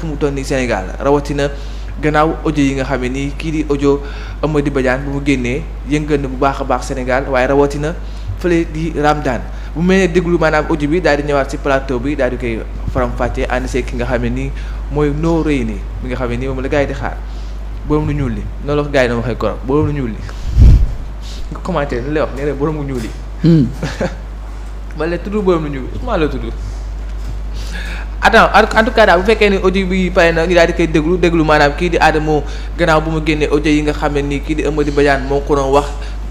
fu mu toll nii Sénégal rawatina gannaaw audio yi nga xam ne nii kii di audio Amady Badiane bu mu génnee yëngal na bu baax a baax Sénégal waaye rawatina fële di Ramadane bu mel ne déglu maanaam audio bi daal di ñëwaat ci plateau bi daal di koy faram-fàccee ànd see ki nga xam ne nii mooy noo rëy nii mi nga xamee ni nii la gars yi di xaar borom lu ñuul li noonu la ko gars yi waxee korom borom lu ñuul li nga commenté li lay wax nee na ñuul li. Hmm. ma ne la tudd borom ñuul li maa attends en tout cas daal bu fekkee ne audio bi pare na ñu daal di koy déglu déglu maanaam kii di Adamo gannaaw bu mu génnee audio yi nga xam ne nii kii di Amady Badiane moo ko doon wax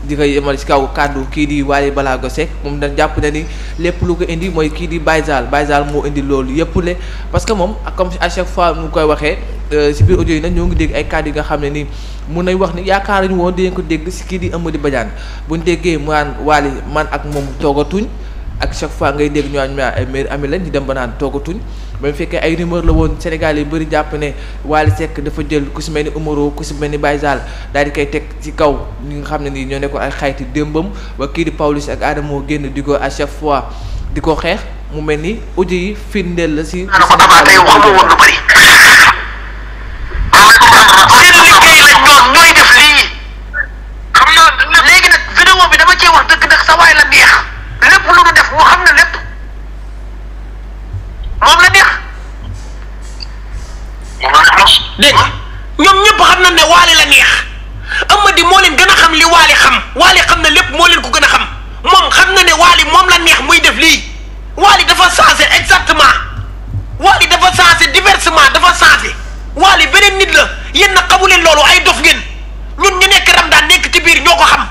di koy kaw kàddu kii di Waly Balago Seck moom dañ jàpp na ni lépp lu ko indi mooy kii di Baysal Baysal moo indi loolu yëpp parce que moom comme à chaque fois mu koy waxee euh, ci biir audio yi nag ñoo ngi dégg ay kàddu yi nga xam ne nii mun nañ wax ni yaakaaruñu woon dinañ ko dégg ci kii di Amady Badiane buñ déggee maan naan man ak moom toogatuñ ak chaque fois ngay dégg ñu naan ay meilleurs amis lañ di dem banaan naan ba mu fekkee ay rumeur la woon Sénégal yi bëri jàpp ne Wally Seck dafa jël ku si mel ni Omaro ku si mel ni Baye Zall daal di koy teg ci kaw ñi nga xam ne nii ñoo ne ko ay xayti démbam ba kii di Pawlish ak Adamo génn di ko à chaque fois di ko xeex mu mel ni audio yi firndeel la si. Sénégal yi yéen nag xamu leen loolu ay dof ngeen ñun ñu nekk Ramadan nekk ci biir ñoo ko xam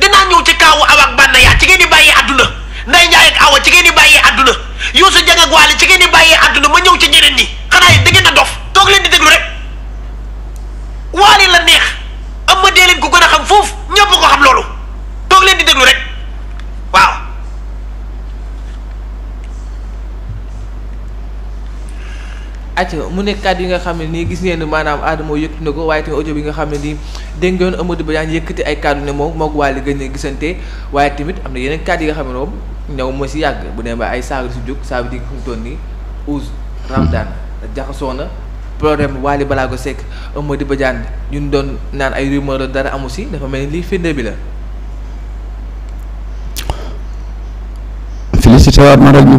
dinaa ñëw ci kaawu Awa ak Banaya ci ngeen di bàyyee àdduna Ndeye Ndiaye ak Awa ci ngeen di bàyyee àdduna Youssou Dieng ak Waly ci ngeen di bàyyee àdduna ma ñëw ci ñeneen ñi xanaa yi da ngeen a dof toog leen di déglu rek Waly la neex am ma dee leen ko gën a xam foofu ñëpp ko xam loolu toog leen di déglu rek. ac mu ne kàddu yi nga xam ne nii gis ngeen maanaam Adamo yëkkati na ko waaye tamit audio bi nga xam ne nii dégg ngeen Amadou Ba yaa ngi yëkkati ay kàddu ne moom moo ko waali gën a gisante am na yeneen kàddu yi nga xam ne moom ñëw moo si yàgg bu ne ba ay saaga si jóg saa bi di fu mu toll nii Ouz Ramadane jaxasoo na problème Wally Ballago Seck Amadou Badiane ñun doon naan ay rumeur dara amu si dafa mel ni lii firnde bi la. félicité waat ma rek ñu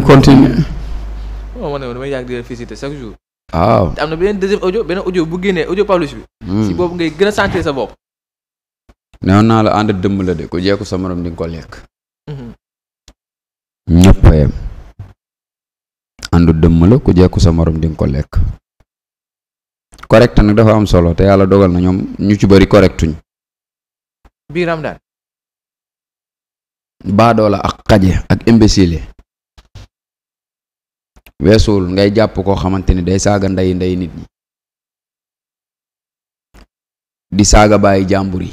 damay yàgg di leen félicité chaque jour. waaw ah. te am na beneen deuxième audio beneen audio bu génnee audio Pawlish bi. Hmm. si boobu ngay gën a sa bopp. neewoon naa la ànd dëmm la de ku jeeku sa morom di ko lekk. Mhm. ñëpp ku jeeku sa morom di nga ko lekk. correct nag dafa am solo te yàlla dogal na ñoom ñu ci bëri correctuñ. biiram daal. baadoola ak xaje ak imbécile. weesuwul ngay jàpp koo xamante ni day saaga ndey nday nit ñi di saaga bàyyi jàmbur yi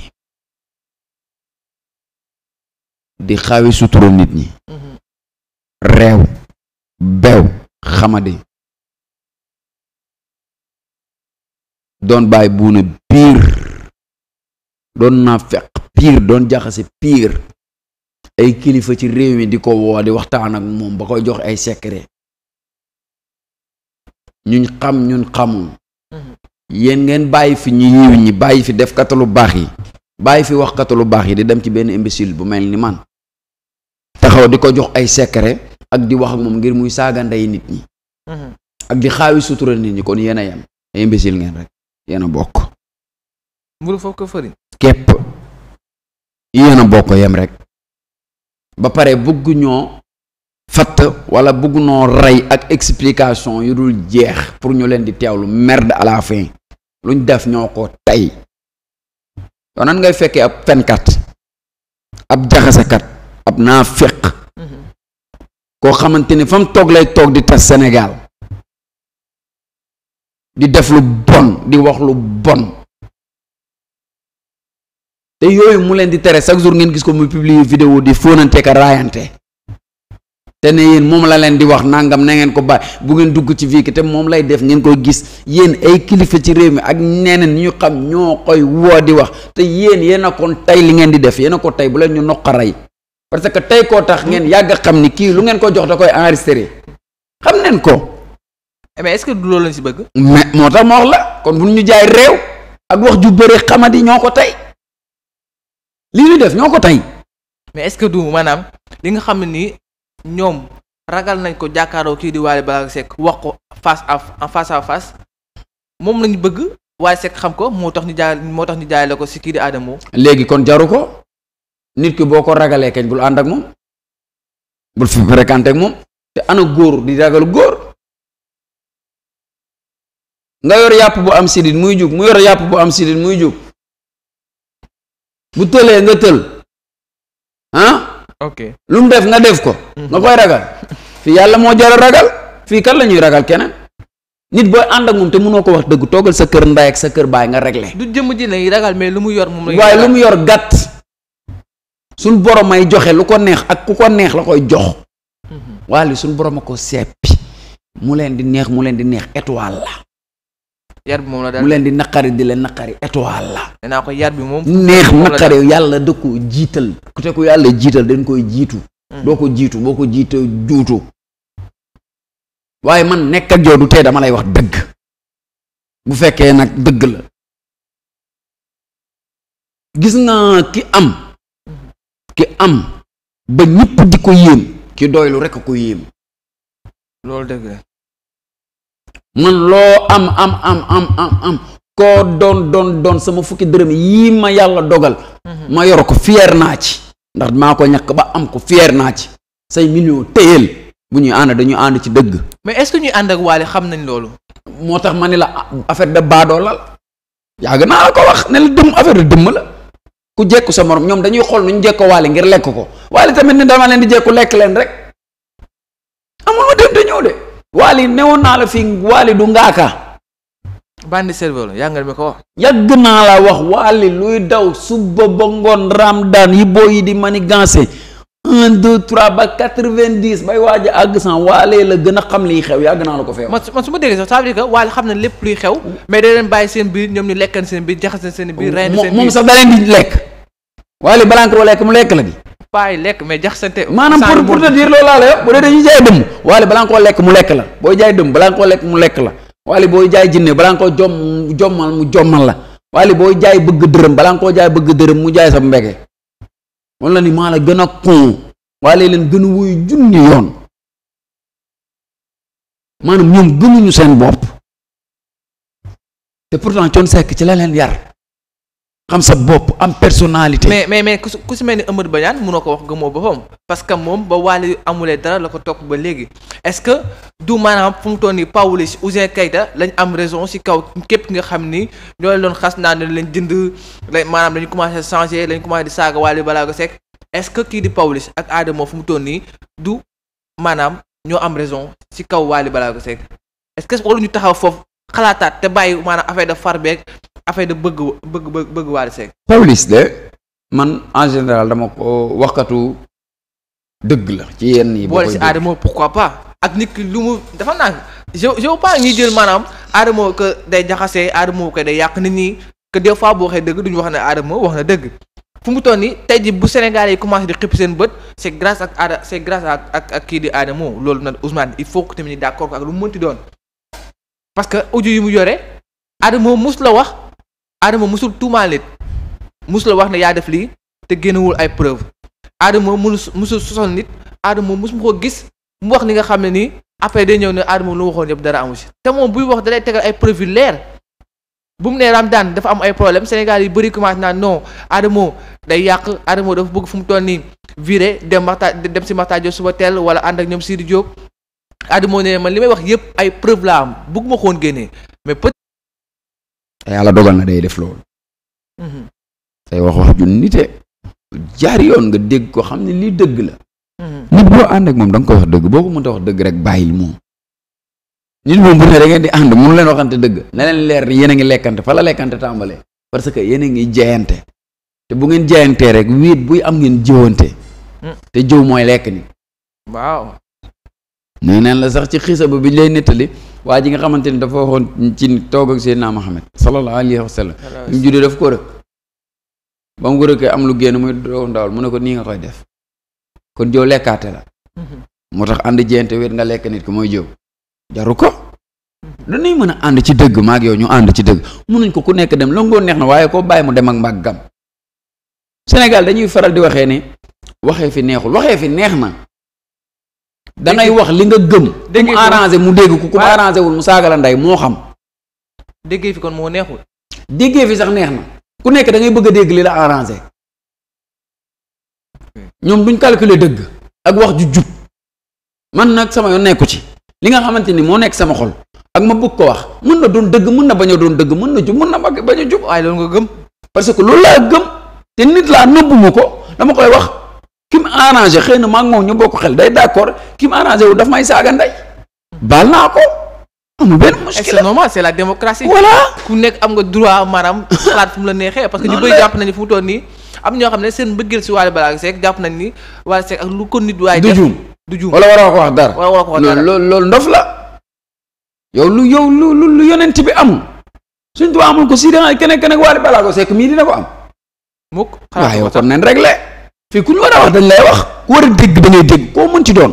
di xawi sutura nit ñi mm-hmm. reew beew xamadi doon bàyyi buuna piir doon naa feq piir doon jaxase piir ay kilifa ci réew mi di ko woo di waxtaan ak moom ba koy jox ay secret ñuñ xam ñun xamul mm-hmm. yéen ngeen bàyyi fi ñu yiw ñi bàyyi fi def katalu baax yi bàyyi fi wax katalu baax yi di dem ci benn imbécile bu mel ni man taxaw di ko jox ay secret ak di wax ak moom ngir muy saaga ndey nit ñi mm-hmm. ak di xaawi sutura nit ñi kon yéen a yem ay imbécile ngeen rek yéen a bokk mburu foofu fëriñ képp yéen bokk yem rek ba pare bëgg ñoo fatt wala bugg noo rey ak explication yu dul jeex pour ñu leen di teewlu merde à la luñ def ñoo ko tey yow nan ngay fekkee ab fenkat ab jaxasekat ab naaféq koo xamante ni fa mu toog lay toog di tas Sénégal di def lu bon di wax lu bon te yooyu mu leen di tere chaque jour ngeen gis ko mu publier vidéo di fóonante ka raayante te ne yéen moom la leen di wax nangam na ngeen ko bàyyi bu ngeen dugg ci fii te moom lay def ngeen koy gis yéen ay kilifa ci réew mi ak neneen ñu xam ñoo koy woo di wax te yéen yéen a tey li ngeen di def yéen ko tey bu leen ñu noqaray parce que tey koo tax ngeen yàgg xam ni kii lu ngeen ko jox da koy enregistré xam neen ko. Eh mais est-ce que du loolu lañ si bëgg. moo tax ma la kon bu ñu jaay réew ak wax ju bëri xamadi ñoo ko tey li ñu def ñoo ko tey. mais est-ce que maanaam li nga xam nii ñoom ragal nañ ko jàkkaaroo kii di Wally Ballago Seck wax ko face à face à face moom lañu bëgg waaye Seck xam ko moo tax ñu jaay moo tax ñu jaay la ko si kii di Adamo léegi kon jaru ko nit ki boo ko ragalee kañ bul ànd ak moom bul fi fréquenté ak moom te ana góor di ragal góor nga yor yàpp bu am sidit muy jug mu yor yàpp bu am sidit muy jug bu tëlee nga tël ah ok lu mu def nga def ko. Mhm. nga koy ragal fii yàlla moo jar a ragal fii kan la ñuy ragal keneen. nit booy ànd ak moom te mënoo ko wax dëgg toogal sa kër ndaay ak sa kër baay nga réglé. du jëm ji lay ragal mais lu mu yor moom lay. waaye lu mu yor gàtt. suñ borom joxe lu ko neex ak ku ko neex la koy jox. Mhm. waaye suñ borom ko seppi mu leen di neex mu leen di neex étoile la. yar bi moom la daal leen di naqari di leen naqari étoile la. ko yar bi moom. neex naqari yàlla da ko jiital. ku te ku yàlla jiital dañ koy jiitu. doo hmm. ko jiitu boo ko jiite juutu. waaye man nekk ak yow du tey dama lay wax dëgg. bu fekkee nag dëgg la. gis nga ki am. ki am. ba ñëpp di ko yéem. ki doylu rek a ko yéem. loolu dëgg man loo am am am am am am koo doon doon doon sama fukki dërëm yii ma yàlla dogal mhm. ma yor ko fier naa ci ndax maa ko ñàkk ba am ko fier naa ci say million téyel bu ñuy ànd dañuy ànd ci dëgg mais est-ce que ñuy ànd ak waale xam nañ loolu moo tax ma ne la ah, affaire de baadoo lal yàgg naa la ko wax ne la dëmm affaire de dëmm la ku jekku sa moroom ñoom dañuy xool nu ñu jekkoo waale ngir lekk ko waale tamit ne dama leen di jekku lekk leen rek amul ma dem te waali newoon naa la fi waali du ngaaka bandi serveur yaa nga ko wax yàgg naa la wax waali luy daw suba ba ngoon ramdaan yi boo yi di manigancé un deux trois ba quatre vingt dix bay waaj a àgg cent waalee la gën a xam liy xew yàgg naa la ko fee man su ma déggee sax ça veut xam na lépp luy xew mais da leen bàyyi seen biir ñoom ñu lekkan seen biir jaxase seen biir reen seen biir moom sax da di lekk waale balaa nga ko lekk mu lekk la gi paa yi lekk mais jaxasante. maanaam pour pour te dire loolu laa la bu dee dañuy jaay dëmm waale balaa nga koo lekk mu lekk la booy jaay dëmm balaa nga koo lekk mu lekk la waale booy jaay jinne balaa nga koo jom jommal mu jommal la waale booy jaay bëgg dërëm balaa nga koo jaay bëgg dërëm mu jaay sa mbege moom la ni maa la gën a kon waale leen gën a wuyu junni yoon maanaam moom gënuñu seen bopp te pourtant Thione sekk ci la leen yar. xam sa bopp am personnalité. mais mais mais ku si mel ni Amadou Badiane mënoo ko wax gëmoo boppam parce que moom ba Wally amulee dara la ko topp ba léegi est-ce que du maanaam fu mu toll nii Pawlish Ouzin Keita lañ am raison si kaw képp nga xam ni ñoo leen xas naa ne lañ jënd maanaam lañ commencé changer lañ commencé di saaga Wally Ballago Seck est-ce que kii di Pawlish ak Adamo fu mu toll nii du maanaam ñoo am raison si kaw Wally Ballago Seck est que que ñu taxaw foofu xalaataat te bàyyi maanaam affaire de farbeek affaire de bëgg bëgg bëgg Wally Seck. Pawlish de man en général dama ko waxkatu dëgg la ci yenn yi. boole si Adamo pourquoi pas. ak nit ki lu mu dafa naan je je veux pas ñuy jël maanaam Adamo que day jaxasee Adamo que day yàq nit ñi que des fois boo waxee dëgg duñu wax ne Adamo wax na dëgg. fu mu toll nii tey ji bu Sénégalais yi commencé di xëpp seen bët c'est grâce ak aada c'est grâce ak ak ak kii di Adamo loolu nag Ousmane il faut que tamit ni d'accord ak lu mu mënti doon parce que audio yi mu yore Adamo mus la wax. Adama musul tuumaalit musul wax na yaa def lii te génnewul ay preuve Adama mënu musul sosol nit Adama mus mu ko gis mu wax li nga xam ne nii après day ñëw ne Adama lu waxoon yëpp dara amu si te moom buy wax dalay tegal ay preuve yu leer bu mu nee Ramadane dafa am ay problème Sénégal yi bëri commencé naa non Adama day yàq Adama dafa bëgg fu mu toll nii viré dem Makhtar dem si Makhtar suba teel wala ànd ak ñoom Sidi Diop Adama ne ma li may wax yëpp ay preuve bëgg ma ko woon te yàlla dogal na day def loolu mm-hmm. tey wax wax ju nite jaar yoon nga dégg ko xam ne lii dëgg la mm-hmm. nit boo ànd moom da nga ko wax dëgg boo ko mënta wax dëgg rek bàyyil moom nit moom bu ne da di ànd mënu leen waxante dëgg na leer ni ngi lekkante fa la lekkante tàmbalee parce que yéen a ngi jayante te bu ngeen jayantee rek wéet buy am ngeen jëwante mm. te jëw mooy lekk ni waaw nee neen la sax ci xiisa ba bi lay nettali waa ji nga xamante ni dafa waxoon ci toog ak Seydina Muhammad sallallahu alayhi wa sallam bi mu juddee daf ko rëkk ba mu ko rëkkee am lu génn muy doo ndawal mu ne ko nii nga koy def kon jow lekkaate la mhm. moo tax ànd jeente wet nga lekk nit ki mooy jow jaru ko mhm. dañuy mën a ànd ci dëgg maag yow ñu ànd ci dëgg nañ ko ku nekk dem la ngoon neex na waaye koo bàyyi mu dem ak mbàggam Sénégal dañuy faral di waxee ni waxee fi neexul waxee fi neex na dangay wax li nga gëm. ku mu mu dégg ko ku mu arrangé wul mu saaga la ndey moo xam. déggee fi kon moo neexul. déggee fi sax neex na ku nekk da ngay bëgg a dégg li la arrangé ñoom duñ calculer dëgg ak wax ju jub mën nag sama yoon nekku ci li nga xamante ni moo nekk sama xol ak ma bëgg ko wax mën na doon dëgg mën na bañ a doon dëgg mën na jub mën na bañ a jub waaye loolu nga gëm parce que loolu laa gëm te nit laa nëbbu ma ko dama koy wax. ki mu arrangé xëy na maa ngi moom ñu bokk xel day d' accord ki mu arrangé wu daf may saaga ndey baal naa ko amul benn eh, muskil c'est normal la démocratie. voilà ku nekk am nga droit maanaam xalaat la neexee. parce que ñu bëri jàpp nañu fu mu toll nii am xam ne seen mbëggeel si Wally Ballago Seck jàpp nañ ni Wally Seck ak lu ko waroo ko wax dara waroo ko wax dara loolu loolu ndof la yow lu yow lu lu lu yonent bi amul suñ tubaab amul ko si danga keneen keneen Wally Ballago Seck mii dina ko am. mukk xalaat yow kon nañ réglé fii ku ñu war a wax dañ lay wax ku war a dégg da ngay dégg koo mën ci doon.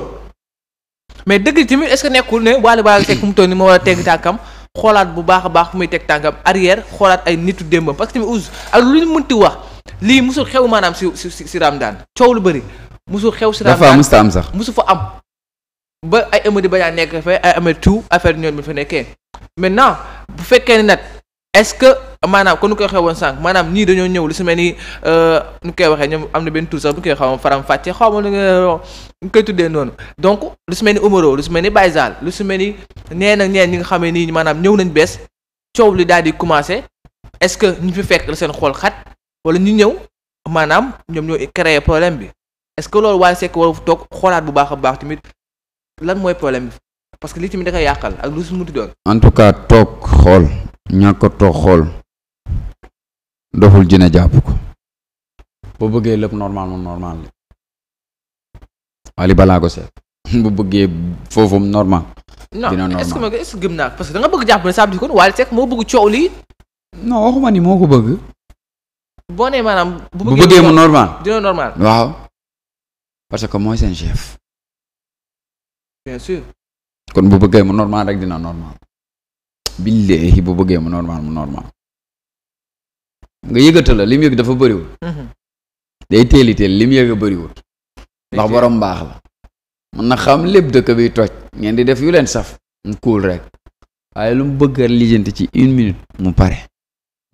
mais dëgg tamit est nekkul ne Wally Ballago Seck mu toll nii moo war a teg tànkam xoolaat bu baax a baax fu muy teg tànkam arrière xoolaat ay nitu démbam parce que tamit oust ak lu ñu ti wax lii musul xew maanaam si si si Ramadaan coow lu bëri. musul xew si Ramadaan dafa musta am sax musul fa am. ba ay Amady Ba nekk fa ay Amady tout affaire ñoom mi fa nekkee maintenant bu fekkee ne nag est que. maanaam kon nu koy waxee woon sànq maanaam ñii dañoo ñëw lu su mel ni euh, nu koy waxee ñoom am na benn tur sax bu koy xaw ma faram fàccee xaw ma lu nga koy tuddee noonu donc lu su mel ni Omaro lu su mel ni Baye Zale lu su mel ni neen ak neen ñi nga xamee nii maanaam ñëw nañ bees coow li daal di commencé est-ce que ñu fi fekk la seen xool xat wala ñu ñëw maanaam ñoom ñoo créé problème bi est-ce que loolu Wally Seck war toog xoolaat bu baax a baax tamit lan mooy problème bi parce que lii tamit da koy yàqal ak lu su munti doon. en tout cas toog xool ñàkk a toog xool. doful jine jàpp ko bëggee lépp normal moom normal la Wally Ballago Seck bu bëggee foofu normal. dina normal non est-ce parce que da nga bëgg jàpp ne saa bi kon Wally bëgg coow lii. ko bëgg. bu bëggee mu normal dina normal. waaw parce que mooy seen chef. kon bu bëggee mu normal rek dina normal. billaahi bu bëggee mu normal mu normal. nga yëgata la li mu yëg dafa bëriwul mhm. day teeli teel li mu yëg a bëriwul ndax borom mbaax la mën na xam lépp dëkk bi toj ngeen di def yu leen saf mu kuul rek waaye lu mu bëgg a lijjanti ci une minute mu pare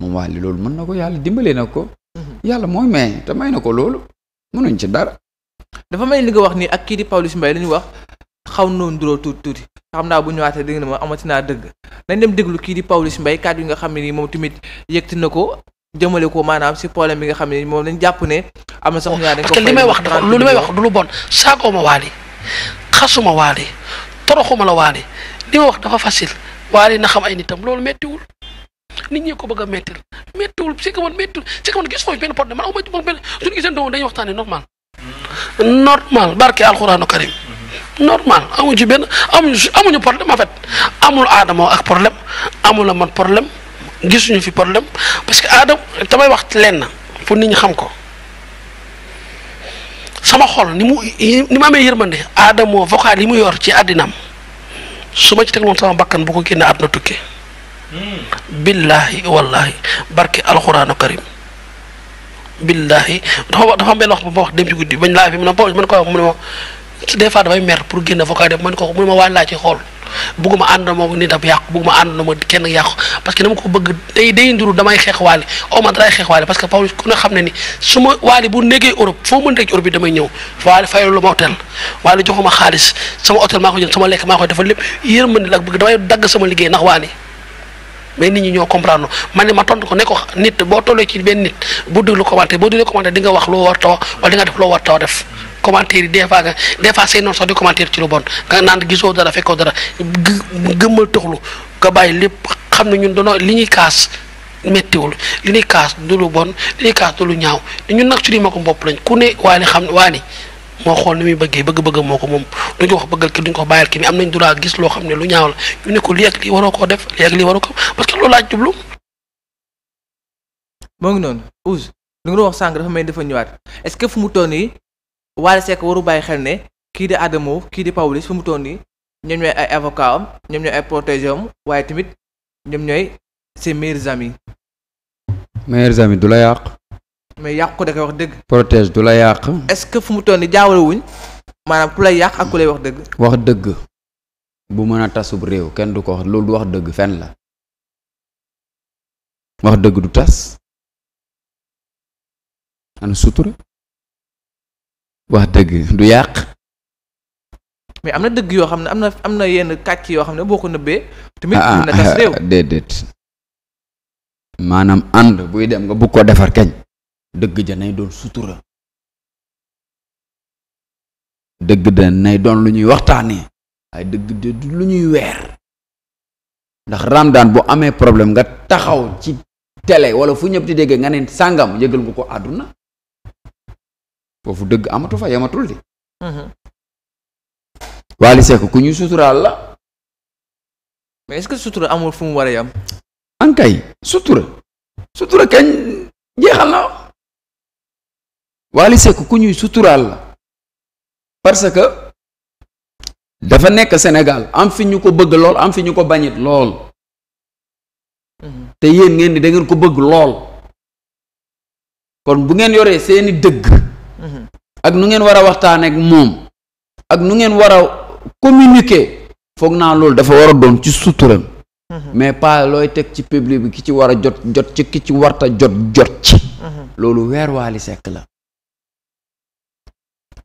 moom waa li loolu mën na ko yàlla dimbalee na ko mhm. yàlla mooy may te may na ko loolu mënuñ ci dara dafa may li nga wax ni ak kii di Pawlish Mbaye lañu wax xaw noonu duroo tuuti tuuti xam naa bu ñëwaatee dégg na ma amati naa dëgg nañ dem déglu kii di Pawlish yi nga xam ne nii moom tamit na ko jëmale ko maanaam si problème bi nga xam ne moom lañ jàpp ne. am na sax ñu dañ ko fay li may wax dafa lu li may wax du lu bon saagoo ma la waali li ma wax dafa facile waali na xam ay nitam loolu méttiwul nit ñi ko bëgg a méttil méttiwul c'est que man méttiwul c'est que man gis foofu benn problème man aw ma benn suñu giseen doom dañuy waxtaanee normal normal barke alxuraanu karim normal amuñu ci benn problème en fait amul aadama ak problème amul man problème gisuñu fi problème parce que aadam damay wax lenn pour nit ñi xam ko sama xool ni mu ni mu amee yërmande aadamoo vocal yi mu yor ci àddinaam su ma ci teg sama bàkkan bu ko génne àdduna tukke billaahi wallaahi barke alxuraanu karim billaahi dafa dafa am benn wax bu ma wax dem ci guddi bañ laa fi mu ne ma mu ne ko mu ne ma waa laa ci xool bugguma ànd na moom nit ab yàqu bugguma ànd na ma kenn yàqu parce que dama ko bëgg day day nduru damay xeex waali o man damay xeex waali parce que Pawlish ku ne xam ne ni su ma waali bu nekkee Europe foo mën rek Europe bi damay ñëw waali fayalu ma xaalis sama hôtel maa ko jël lekk lépp yërmande la ak bëgg damay dagg sama liggéey ndax waali mais nit ñi ñoo comprendre man ne ma tontu ko ne ko nit boo tollee ci benn nit bu déglu commenté boo déglu commenté di nga wax loo war taw wala di nga def loo war taw def commentaire yi des fois nga des fois say noonu sax di commentaire ci lu bon nga naan gisoo dara fekkoo dara gëmmal toxlu nga bàyyi lépp xam ne ñun danoo li ñuy kaas méttiwul li ñuy kaas du lu bon lu ñaaw ñun nag su di ma ko bopp lañ ku ne waa xam waa ni moo xool ni muy bëggee bëgg-bëgg moo ko moom du ñu ko wax bëggal ko bàyyal ki nañ droit gis loo xam ne lu ñaaw la ñu ne ko lii ak lii ko parce laa jublu. moo ngi noonu Ousse lu nga wax sànq dafa may dafa ñëwaat est-ce que fu mu toll nii Wally Seck waru bàyyi xel ne kii di Adamo kii di Pawlish fu mu toll nii ñoom ñooy ay avocat ñoom ñooy ay waaye tamit ñoom ñooy ses meilleurs amis. meilleurs amis du la yàq. mais yàq ko da koy wax dëgg. protège du la yàq. est-ce que fu mu toll nii jaawale wuñ maanaam ku lay yàq ak ku lay wax dëgg. wax dëgg bu mën a tasub réew kenn du ko wax loolu du wax dëgg fenn la wax dëgg du tas ana sutura. wax dëgg du yàq. mais am na dëgg yoo xam ne am na am na yenn kàcc yoo xam ne boo ko nëbbee. tamit ah, mën na tas ah, réew ah, maanaam ànd buy dem nga bugg ko defar kañ. dëgg ja nay doon sutura. dëgg da nay doon lu ñuy waxtaanee. waaye dëgg ja du lu ñuy weer. ndax daan bu amee problème nga taxaw ci télé wala fu ñëpp di déggee nga ne sàngam yëgal nga ko àdduna foofu dëgg amatu fa yamatul di mm-hmm. Wally Seck ku ñu suturaal la mais est-ce que sutura amul fu mu war a yam ankay sutura sutura kañ jeexal na Wally Seck ku ñuy suturaal la parce que dafa nekk Sénégal am fi ñu ko bëgg lool am fi ñu ko bañit lool mm-hmm. te yéen ngeen di dangeen ko bëgg lool kon bu ngeen yoree seeni dëgg ak nu ngeen war a waxtaan ak moom ak nu ngeen war a communiquer foog naa loolu dafa war a doon ci suturam mhm. mais pas looy teg ci public bi ki ci war a jot jot ci ki ci warta jot jot ci mhm. loolu weer waali sekk la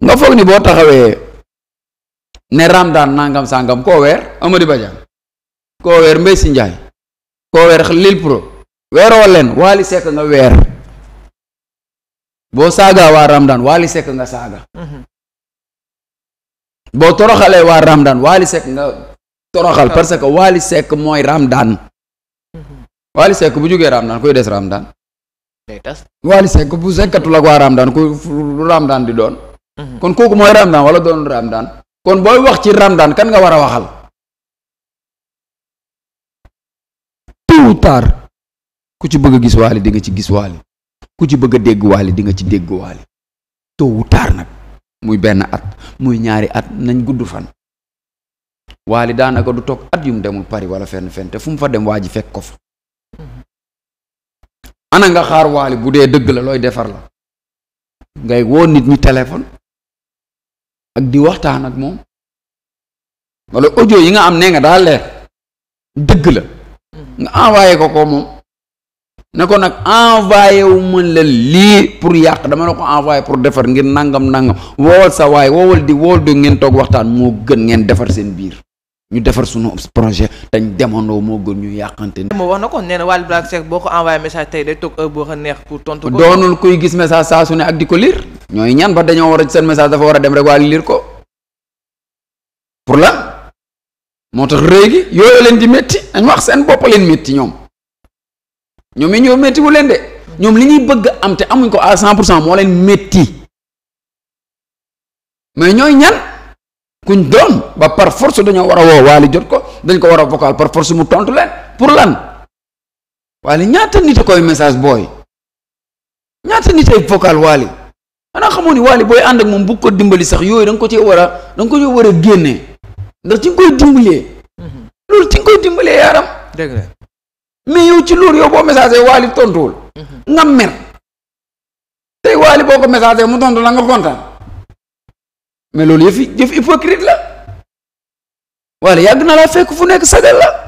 nga foog ni boo taxawee ne Ramadaan nangam sangam koo weer Amady Badiane koo weer Mbaye Si Ndiaye koo weer Lil Pro weeroo leen waali sekk nga weer boo saagaa waa Ramdan Wally Seck nga saaga. boo toroxalee waa Ramdan Wally Seck nga toroxal parce que Wally Seck mooy Ramdan. Wally Seck bu jógee Ramdan kuy des Ramdan. day tas bu sekkatul ak waa Ramdan ku lu Ramdan di doon. Mhm. kon kooku mooy Ramdan wala doonul Ramdan. kon booy wax ci Ramdan kan nga war a waxal. tôt ou ku ci bëgg gis Wally di ci gis Wally ku ci bëgg dégg waale di nga ci dégg waale toowu taar nag muy benn at muy ñaari at nañ gudd fan waale daanaka du toog at yu mu demul pari wala fenn fenn te fu mu fa dem waa ji fekk ko fa ana nga xaar waale bu dee dëgg la looy defar la ngay woo nit ñi téléphone ak di waxtaan ak moom wala audio yi nga am nee nga daa leer dëgg la nga envoyé ko ko moom ne ko nag envoyé wu mën la lii pour yàq dama la ko envoyé pour defar ngir nangam nangam woowal sa waay woowal di woowal di ngeen toog waxtaan moo gën ngeen defar seen biir ñu defar sunu projet dañ demandoo moo gën ñu yàqante. moom wax na ko nee na Wally Ballago boo ko envoyé tey day toog heure boo ko neex pour tontu ko. doonul kuy gis message saa su ne ak di ko lire ñooy ñan ba dañoo war a seen message dafa war a dem rek waa lire ko pour la moo tax rëy gi yooyu leen di métti dañ wax seen bopp leen métti ñoom. ñoom yi ñoo méttiwu leen de ñoom li ñuy bëgg am te amuñ ko à cent pour cent moo leen métti mais ñooy ñan kuñ doon ba par force dañoo war a woo waali jot ko dañ ko war a vocal par force mu tontu leen pour lan waali ñaata nit a koy message booy ñaata nit ay vocal waali xanaa xamoo ni waali booy ànd ak moom bu ko dimbali sax yooyu da nga ko ci war a da ko ci war a génne ndax ci nga koy dimbalee mhm. loolu ci nga koy dimbalee yaaram mais yow ci loolu yow boo messager waali tontuwul nga mer tey waali boo ko messager mu tontu la nga kontaan mais loolu yëfi yëf hypocrite la waali yàgg na laa fekk fu nekk sagal la